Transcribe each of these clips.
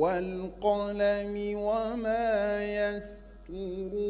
والقلم وما يسطرون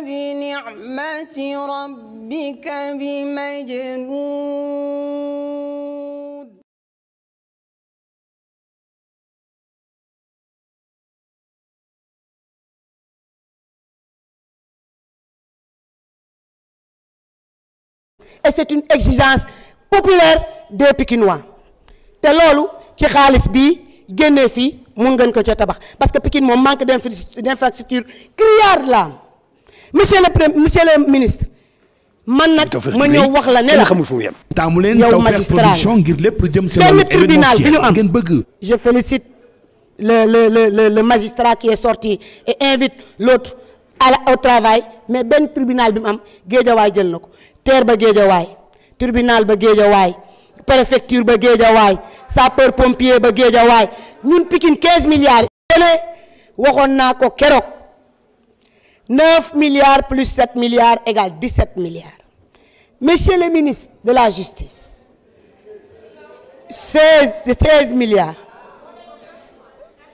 بنعمة ربك بمجنون Et c'est une exigence populaire des Pikinois te loolu ci xaalis bi génnee fii mun ngeen ko ca tabax parce que Pikine moom manque d'infrastructure criard la monsieur le premier monsieur le ministre. man nag ma ñëw wax la ne la xamul fu mu yem. taamu leen Tawfekh Production ngir lépp lu jëm. seen wàllu tribunal bi bëgg. je félicite le le le le magistrat qui sorti et invite l'autre mais benn tribunal bi mu am géejawaay jël na ko terre ba géejawaay tribunal ba géejawaay préfecture ba géejawaay sapeur pompier ba géejawaay ñun Pikine 15 milliards. waxoon naa ko keroog. 9 milliards plus 7 milliards égale 17 milliards. Monsieur le ministre de la Justice, 16 16 milliards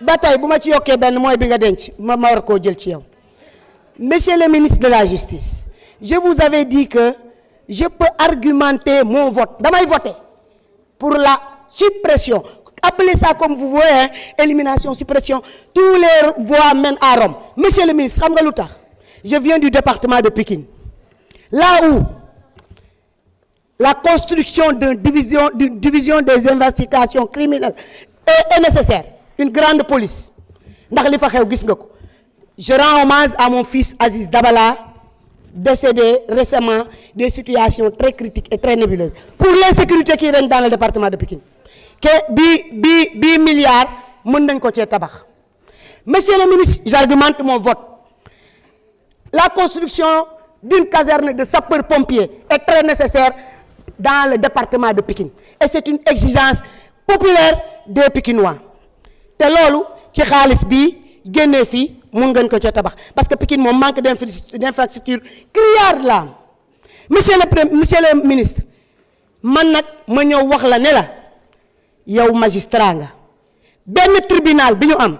ba tey bu ma ci yokkee benn mooy bi nga denc ma ma war koo jël ci yow. Monsieur le ministre de la Justice, je vous avais dit que je peux argumenter mon vote damay voter pour la suppression. appelez ça comme vous voulez hein élimination suppression tous les voies mènent à Rome monsieur le ministre xam nga lu tax je viens du département de Pikine là où la construction d'une division d'une division des investigations criminelles est, est nécessaire une grande police ndax li fa xew gis nga ko je rends hommage à mon fils Aziz Dabala décédé récemment des situations très critiques et très nébuleuses pour l'insécurité qui règne dans le département de Pikine ke bii bii bii milliard mën nañ ko cee tabax monsieur le ministre j'argumente mon vote la construction d'une caserne de sapeurs pompiers est très nécessaire dans le département de Pikine et c'est une exigence populaire des Pikinois te loolu ci xaalis bii génnee fii mun ngeen ko cee tabax parce que pekin moom manque d'infrastructure criard la am monsieur le premier monsieur le ministre man nag ma ñëw wax la ne la yow magistrat nga benn tribunal bi ñu am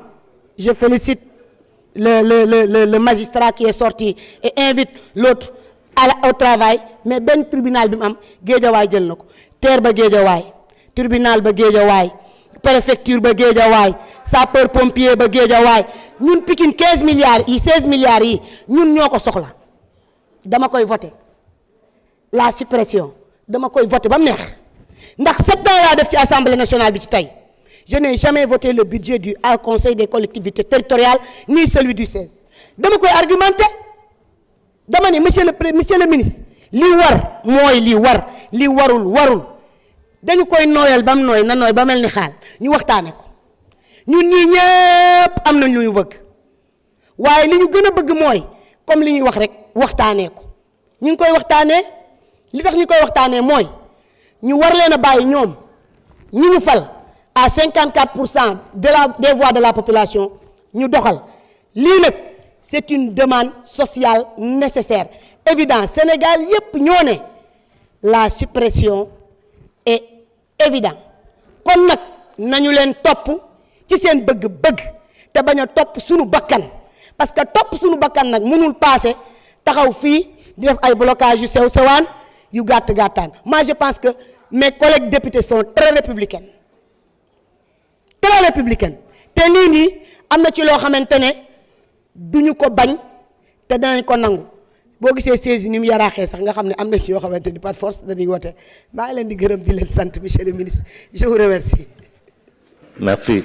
je félicite le le le le le magistrat qui sorti et invite l'autre au travail mais benn tribunal bi mu am géejawaay jël na ko terre ba géejawaay tribunal ba géejawaay préfecture ba géejawaay sapeur pompier ba géejawaay ñun pikin 15 milliards yi 16 milliards yi ñun ñoo ko soxla dama koy vote la suppression dama koy voter ba mu neex. ndax sept ans laa def ci assemblée nationale bi ci tey je n'ai jamais voté le budget du Haut Conseil des collectivités territoriales ni celui du CESE dama koy argumenté dama ne monsieur le pré monsieur le ministre li war mooy li war li warul warul dañu koy nooyal ba mu nooy na nooy ba mel ni xaal ñu waxtaane ko ñun nii ñëpp am nañ lu ñu bëgg waaye li ñu gën a bëgg mooy comme li ñuy wax rek waxtaanee ko ñu ngi koy waxtaanee li tax ñu koy waxtaanee mooy. ñu war leen a bàyyi ñoom ñi ñu fal à 54 pour cent de la des voix de la population ñu doxal lii nag c'est une demande sociale nécessaire évident Sénégal yépp ñoo ne la suppression est évident kon nag nañu leen topp ci seen bëgg-bëgg te bañ a topp sunu bakkan parce que topp sunu bakkan nag mënul paase taxaw fii di def ay blocage yu sew sewaan yu gàtt gàttaan moi je pense que mais collègues députés sont très républicaines très républicaines te lii nii am na ci loo xamante ne duñu ko bañ te danañ ko nangu boo gisee saisi ni mu yaraaxee sax nga xam ne am na ci yoo xamante ni par force dañuy woote maa leen di gërëm di leen sant monsieur le ministre je vous remercie merci